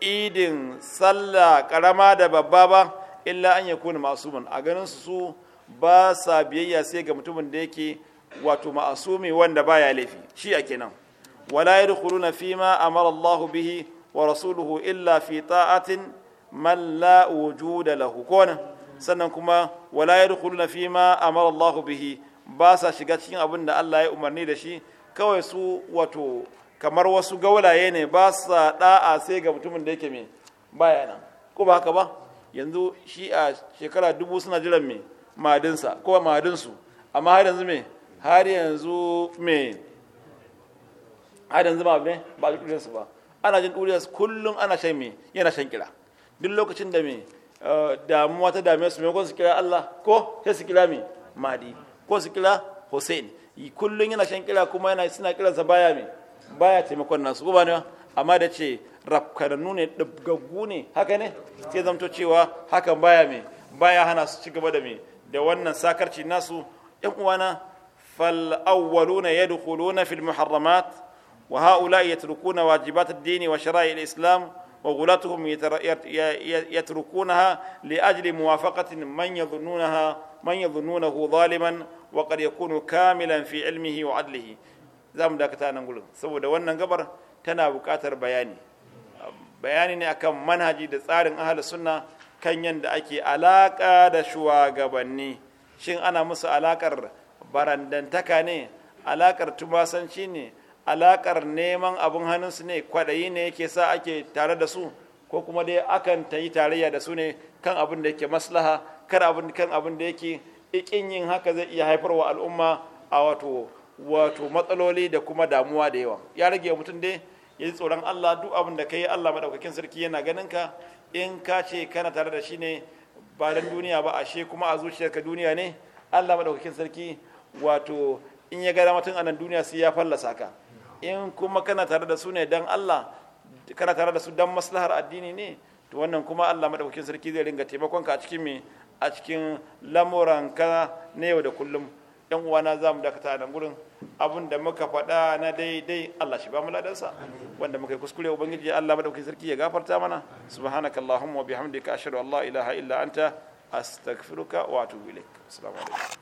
idin sallah ƙarama da babba ba illa an ya kuna masumin a ganin su su ba sa biyayya sai ga mutumin da yake wato ma'asumi wanda baya laifi shi a kenan wala yadkhuluna fima amara Allah bihi wa rasuluhu illa fi ta'atin man la wujuda lahu kona sannan kuma wala yadkhuluna fima amara Allah bihi ba sa shiga cikin abin da Allah ya umarni da shi kawai su wato kamar wasu gaulaye ne ba sa da'a sai ga mutumin da yake me baya nan ko ba haka ba yanzu shi a shekara dubu suna jiran me madinsa ko madinsu amma har yanzu me har yanzu me har yanzu ba me ba a ji ba ana jin ɗuriyarsu kullum ana shan me yana shan kira duk lokacin da me eh, damuwa ta dame su maimakon su kira Allah ko sai su kira me madi ko su kira Hussein kullum yana shan kira kuma yana suna kiransa baya me baya taimakon nasu ko ba ne amma da ce rafkanannu ne ɗabgaggu ne haka ne sai zamto cewa hakan baya me baya hana su ci da me da wannan sakarci nasu yan uwana fal awwaluna yadkhuluna fil muharramat wa haula yatrukuna wajibat ad-din wa shara'i al-islam wa ghulatuhum yatrukunaha li ajli muwafaqatin man yadhunnunaha man yadhunnunahu zaliman wa qad yakunu kamilan fi ilmihi wa adlihi zamu dakata nan gurin saboda wannan gabar tana buƙatar bayani bayani ne akan manhaji da tsarin ahalus sunna kan yadda ake alaƙa da shugabanni shin ana musu alaƙar barandantaka ne alaƙar tumasanci ne alaƙar neman abin hannunsu ne kwaɗayi ne yake sa ake tare da su ko kuma dai akan ta yi tarayya da su ne kan abin da yake maslaha kar abin kan abin da yake ikin yin haka zai iya haifar wa al'umma a wato wato matsaloli da kuma damuwa da yawa ya rage mutum dai ya ji tsoron Allah duk abin da ka yi Allah maɗaukakin sarki yana ganin ka in ka ce kana tare da shi ne ba dan duniya ba ashe kuma a zuciyarka duniya ne Allah maɗaukakin sarki wato in ya gada mutum a nan duniya sai ya fallasa ka in kuma kana tare da su ne don Allah kana tare da su don maslahar addini ne to wannan kuma Allah maɗaukakin sarki zai ringa taimakon ka a cikin me a cikin lamuranka na yau da kullum yan uwana za mu dakata nan gurin abin da muka faɗa na daidai Allah shi ba mu ladansa wanda muka yi kuskure ubangiji Allah madaukakin sarki ya gafarta mana subhanaka allahumma wa bihamdika ashhadu an la ilaha illa anta astaghfiruka wa atubu ilaik assalamu alaikum